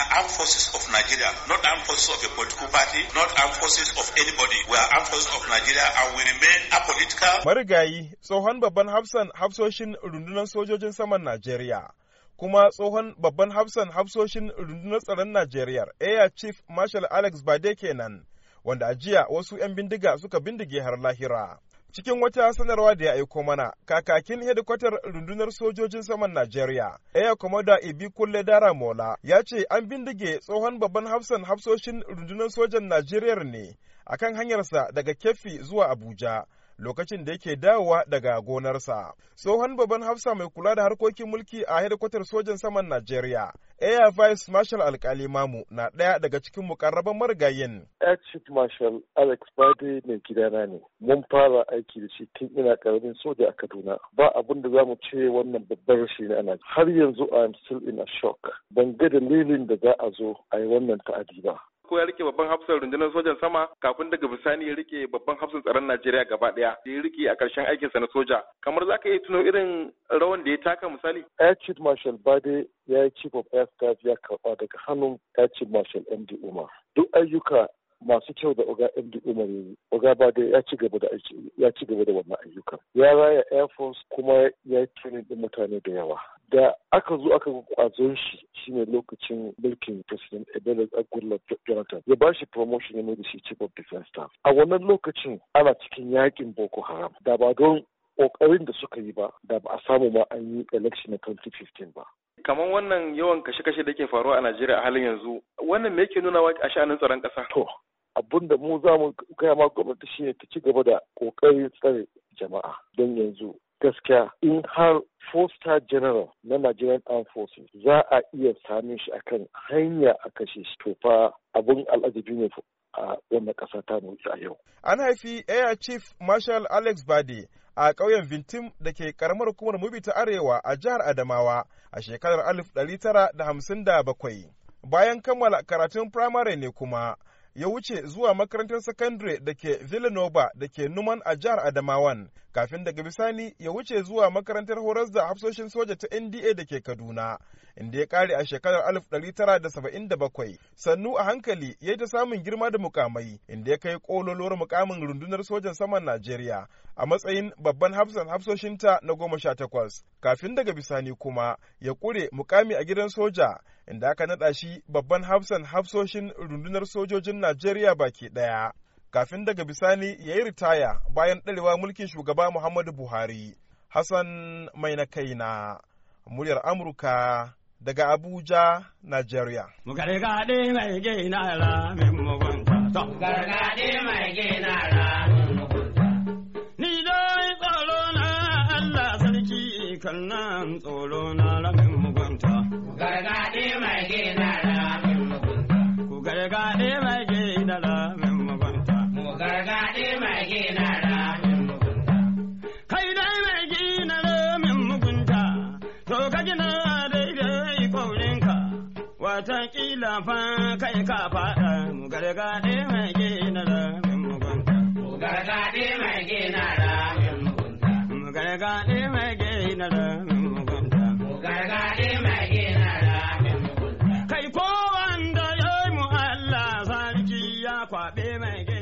are armed forces of Nigeria, not armed forces of a political party, not armed forces of anybody. We are armed forces of Nigeria and we remain apolitical. Marigayi tsohon babban hafsan hafsoshin rundunar sojojin saman Najeriya. kuma tsohon babban hafsan hafsoshin rundunar tsaron Najeriya Air Chief Marshal Alex Bade kenan, wanda a jiya wasu 'yan bindiga suka bindige har lahira. Cikin wata sanarwa da ya aiko mana, kakakin hedikwatar rundunar sojojin saman Najeriya, Air Commodore Ibi Kulle Dara Mola, ya ce an bindige tsohon babban hafsan hafsoshin rundunar sojan Najeriya ne a kan hanyarsa daga Keffi zuwa Abuja. lokacin da yake dawowa daga gonarsa. Tsohon babban hafsa mai kula da harkokin mulki a hedikwatar sojan saman Najeriya, Air Vice Marshal Alkali Mamu na ɗaya daga cikin mukarraban marigayin. Air Chief Marshal Alex Bade mai gidana ne. Mun fara aiki da shi tun ina ƙaramin soja a Kaduna. Ba abin da za mu ce wannan babbar shi ne ana. Har yanzu I am still in a shock. Ban ga dalilin da za a zo a yi wannan ta'adi ba. ko ya rike babban hafsan rundunar sojan sama kafin daga bisani ya rike babban hafsan tsaron Najeriya gaba daya da ya rike a ƙarshen aikinsa na soja kamar zaka iya tuno irin rawan da ya taka misali Air Chief Marshal Bade ya yi Chief of Air Staff ya karba daga hannun Air Chief Marshal MD Umar duk ayyuka masu kyau da oga md umar yi oga ba da ya ci gaba da wannan ayyukan ya raya air force kuma ya yi tunin din mutane da yawa da aka zo aka kwazon shi shine lokacin mulkin president Ebele Agulla Jonathan ya bashi promotion ya da shi chief of defense staff a wannan lokacin ana cikin yakin Boko Haram da ba don kokarin da suka yi ba da ba a samu ma an yi election na 2015 ba kamar wannan yawan kashe-kashe da ke faruwa a Najeriya a halin yanzu wannan me yake nuna a sha'anin tsaron kasa? to abun da mu za mu kai ma gwamnati shine ta ci gaba da kokarin tsare jama'a don yanzu gaskiya in har Foster General na Nigerian Armed Forces za a iya sami shi akan hanya a kashe shi to fa abun al'ajabi ne a wannan ƙasa ta mu a yau. An haifi Air Chief Marshal Alex Bade a ƙauyen Vintim da ke ƙaramar hukumar Mubi ta Arewa a jihar Adamawa a shekarar 1957. Bayan kammala karatun firamare ne kuma ya wuce zuwa makarantar sakandare da ke Villanova da ke Numan a jihar Adamawan, kafin daga bisani ya wuce zuwa makarantar horas da hafsoshin soja ta NDA da ke Kaduna, inda ya kare a shekarar 1977. Sannu a hankali ya yi ta samun girma da mukamai, inda ya kai kololuwar mukamin rundunar sojan saman Najeriya a matsayin babban hafsan ta na goma sha takwas. Kafin daga bisani kuma ya kure mukami a gidan soja, inda aka naɗa shi babban hafsan hafsoshin rundunar sojojin Najeriya baki ɗaya. Kafin daga bisani ya yi ritaya bayan ɗarewa mulkin shugaba Muhammadu Buhari. Hassan mai na kaina, muryar Amurka daga Abuja, Najeriya. Gargaɗe mai Gargaɗe mai Ni tsoro na Allah sarki kan nan tsoro na ra mugunta. Gargaɗe mai gina ra tilafa kai ka faɗa mu gargaɗe mai gina da min mugunta. Mu gargaɗe mai gina da min mugunta. Mu gargaɗe mai gina da min mugunta. Mu gargaɗe mai gina da min mugunta. Kai ko wanda ya mu Allah sarki ya kwaɓe mai gina.